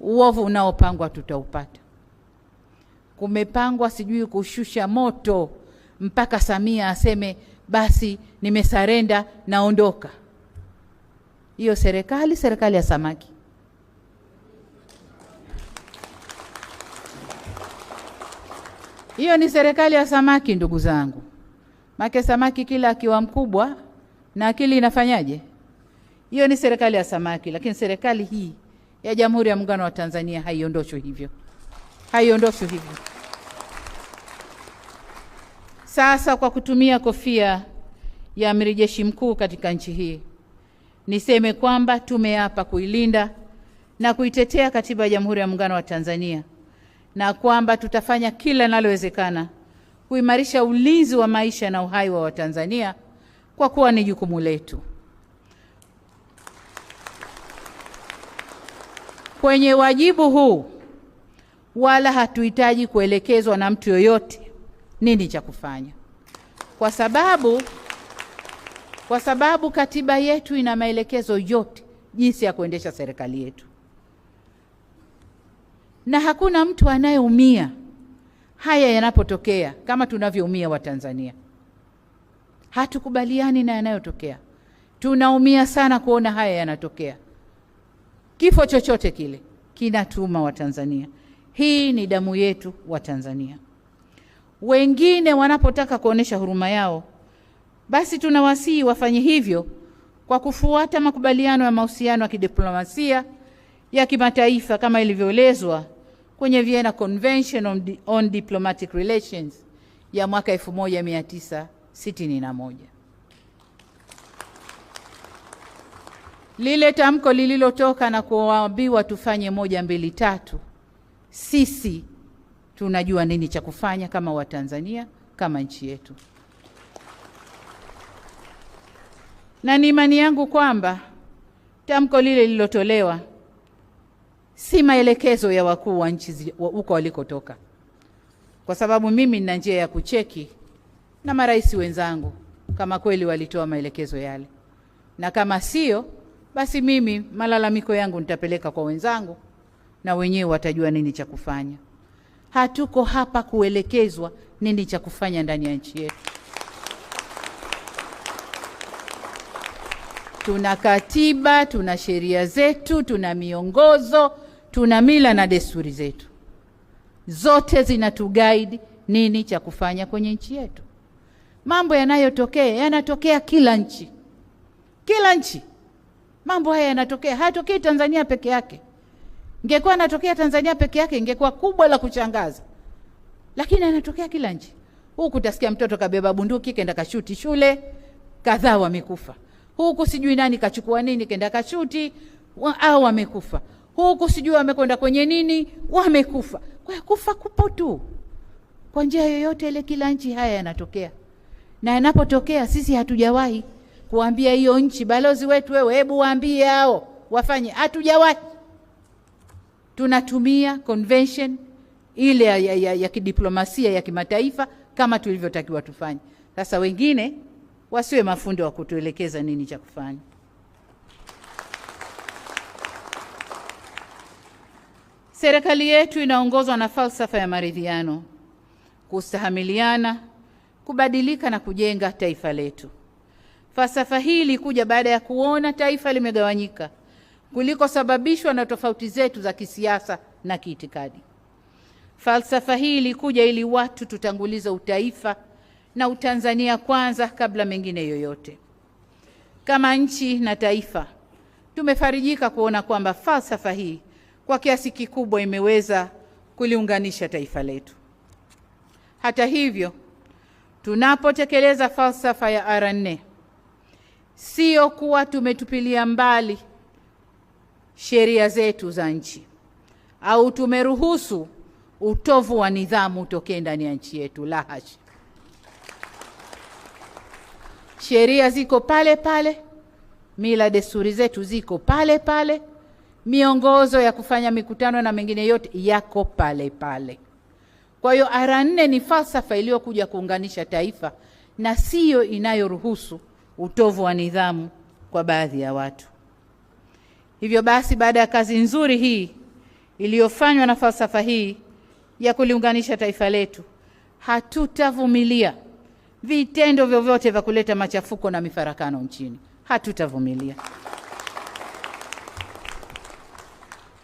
uovu unaopangwa tutaupata. Kumepangwa sijui kushusha moto mpaka Samia aseme basi nimesarenda, naondoka. Hiyo serikali, serikali ya samaki. Hiyo ni serikali ya samaki, ndugu zangu. Make samaki kila akiwa mkubwa na akili inafanyaje? Hiyo ni serikali ya samaki, lakini serikali hii ya Jamhuri ya Muungano wa Tanzania haiondoshwi hivyo, haiondoshwi hivyo. Sasa kwa kutumia kofia ya amiri jeshi mkuu katika nchi hii, niseme kwamba tumeapa kuilinda na kuitetea katiba ya Jamhuri ya Muungano wa Tanzania na kwamba tutafanya kila linalowezekana kuimarisha ulinzi wa maisha na uhai wa Watanzania kwa kuwa ni jukumu letu. Kwenye wajibu huu wala hatuhitaji kuelekezwa na mtu yoyote nini cha kufanya, kwa sababu kwa sababu katiba yetu ina maelekezo yote jinsi ya kuendesha serikali yetu, na hakuna mtu anayeumia haya yanapotokea kama tunavyoumia Watanzania. Hatukubaliani na yanayotokea, tunaumia sana kuona haya yanatokea. Kifo chochote kile kinatuma Watanzania. Hii ni damu yetu Watanzania. Wengine wanapotaka kuonesha huruma yao, basi tunawasihi wafanye hivyo kwa kufuata makubaliano ya mahusiano ya kidiplomasia ya kimataifa kama ilivyoelezwa kwenye Vienna Convention on Diplomatic Relations ya mwaka 1961. lile tamko lililotoka na kuambiwa tufanye moja mbili tatu, sisi tunajua nini cha kufanya kama Watanzania, kama nchi yetu, na ni imani yangu kwamba tamko lile lililotolewa si maelekezo ya wakuu wa nchi huko walikotoka, kwa sababu mimi nina njia ya kucheki na marais wenzangu kama kweli walitoa maelekezo yale, na kama sio basi mimi malalamiko yangu nitapeleka kwa wenzangu na wenyewe watajua nini cha kufanya. Hatuko hapa kuelekezwa nini cha kufanya ndani ya nchi yetu. Tuna katiba, tuna sheria zetu, tuna miongozo, tuna mila na desturi zetu, zote zinatuguide nini cha kufanya kwenye nchi yetu. Mambo yanayotokea yanatokea kila nchi, kila nchi Mambo haya yanatokea, hayatokei Tanzania peke yake. Ingekuwa yanatokea Tanzania peke yake ingekuwa kubwa la kuchangaza, lakini yanatokea kila nchi. Huku utasikia mtoto kabeba bunduki kenda kashuti shule, kadhaa wamekufa. Huku sijui nani kachukua nini kenda kashuti wa, au wamekufa. Huku sijui wamekwenda kwenye nini wamekufa. Kwa kufa kupo tu, kwa njia yoyote ile, kila nchi haya yanatokea, na yanapotokea sisi hatujawahi kuambia hiyo nchi, balozi wetu wewe, hebu waambie hao wafanye. Hatujawahi. Tunatumia convention ile ya, ya, ya, ya kidiplomasia ya kimataifa kama tulivyotakiwa tufanye. Sasa wengine wasiwe mafundo wa kutuelekeza nini cha kufanya. Serikali yetu inaongozwa na falsafa ya maridhiano, kustahamiliana, kubadilika na kujenga taifa letu. Falsafa hii ilikuja baada ya kuona taifa limegawanyika kulikosababishwa na tofauti zetu za kisiasa na kiitikadi. Falsafa hii ilikuja ili watu tutangulize utaifa na Utanzania kwanza kabla mengine yoyote. Kama nchi na taifa, tumefarijika kuona kwamba falsafa hii kwa kiasi kikubwa imeweza kuliunganisha taifa letu. Hata hivyo, tunapotekeleza falsafa ya R nne sio kuwa tumetupilia mbali sheria zetu za nchi au tumeruhusu utovu wa nidhamu utokee ndani ya nchi yetu. La hasha, sheria ziko pale pale, mila desturi zetu ziko pale pale, miongozo ya kufanya mikutano na mengine yote yako pale pale. Kwa hiyo ara nne ni falsafa iliyokuja kuunganisha taifa na siyo inayoruhusu utovu wa nidhamu kwa baadhi ya watu. Hivyo basi, baada ya kazi nzuri hii iliyofanywa na falsafa hii ya kuliunganisha taifa letu, hatutavumilia vitendo vyovyote vya kuleta machafuko na mifarakano nchini. Hatutavumilia.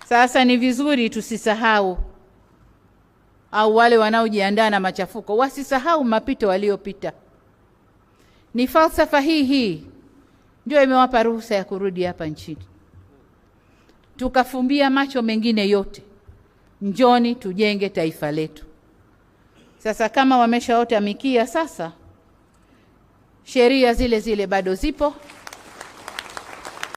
Sasa ni vizuri tusisahau, au wale wanaojiandaa na machafuko wasisahau mapito waliyopita. Ni falsafa hii hii ndio imewapa ruhusa ya kurudi hapa nchini, tukafumbia macho mengine yote. Njoni tujenge taifa letu. Sasa kama wameshaota mikia, sasa sheria zile zile bado zipo.